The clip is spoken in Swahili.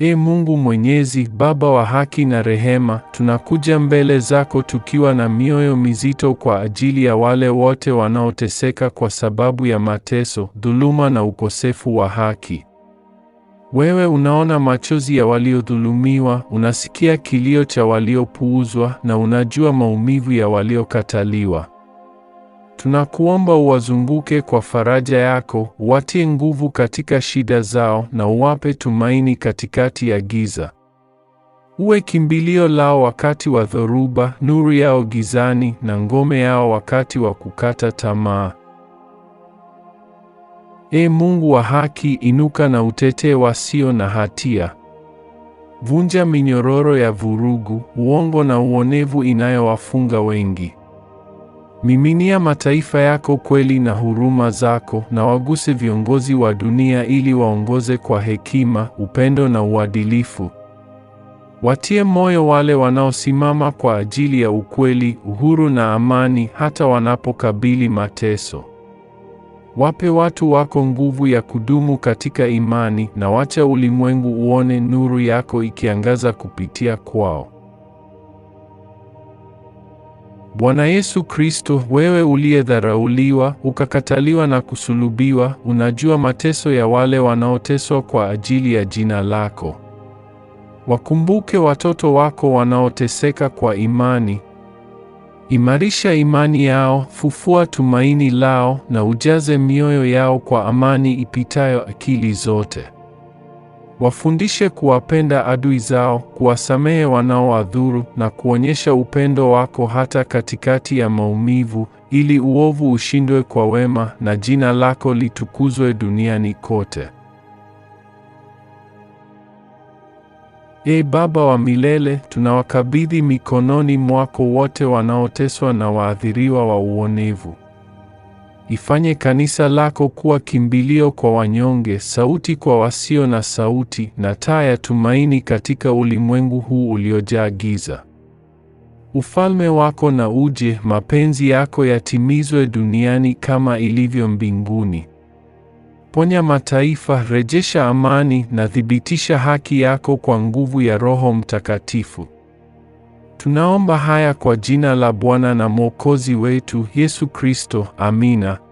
E Mungu Mwenyezi, Baba wa haki na rehema, tunakuja mbele zako tukiwa na mioyo mizito kwa ajili ya wale wote wanaoteseka kwa sababu ya mateso, dhuluma na ukosefu wa haki. Wewe unaona machozi ya waliodhulumiwa, unasikia kilio cha waliopuuzwa na unajua maumivu ya waliokataliwa. Tunakuomba uwazunguke kwa faraja yako, watie nguvu katika shida zao na uwape tumaini katikati ya giza. Uwe kimbilio lao wakati wa dhoruba, nuru yao gizani na ngome yao wakati wa kukata tamaa. E Mungu wa haki, inuka na utetee wasio na hatia. Vunja minyororo ya vurugu, uongo na uonevu inayowafunga wengi. Miminia mataifa yako kweli na huruma zako, na waguse viongozi wa dunia ili waongoze kwa hekima, upendo na uadilifu. Watie moyo wale wanaosimama kwa ajili ya ukweli, uhuru na amani, hata wanapokabili mateso. Wape watu wako nguvu ya kudumu katika imani, na wacha ulimwengu uone nuru yako ikiangaza kupitia kwao. Bwana Yesu Kristo, wewe uliyedharauliwa, ukakataliwa na kusulubiwa, unajua mateso ya wale wanaoteswa kwa ajili ya jina lako. Wakumbuke watoto wako wanaoteseka kwa imani. Imarisha imani yao, fufua tumaini lao na ujaze mioyo yao kwa amani ipitayo akili zote. Wafundishe kuwapenda adui zao, kuwasamehe wanaowadhuru na kuonyesha upendo wako hata katikati ya maumivu, ili uovu ushindwe kwa wema na jina lako litukuzwe duniani kote. e Baba wa milele, tunawakabidhi mikononi mwako wote wanaoteswa na waathiriwa wa uonevu ifanye kanisa lako kuwa kimbilio kwa wanyonge, sauti kwa wasio na sauti, na taa ya tumaini katika ulimwengu huu uliojaa giza. Ufalme wako na uje, mapenzi yako yatimizwe duniani kama ilivyo mbinguni. Ponya mataifa, rejesha amani, na thibitisha haki yako kwa nguvu ya Roho Mtakatifu. Tunaomba haya kwa jina la Bwana na Mwokozi wetu Yesu Kristo. Amina.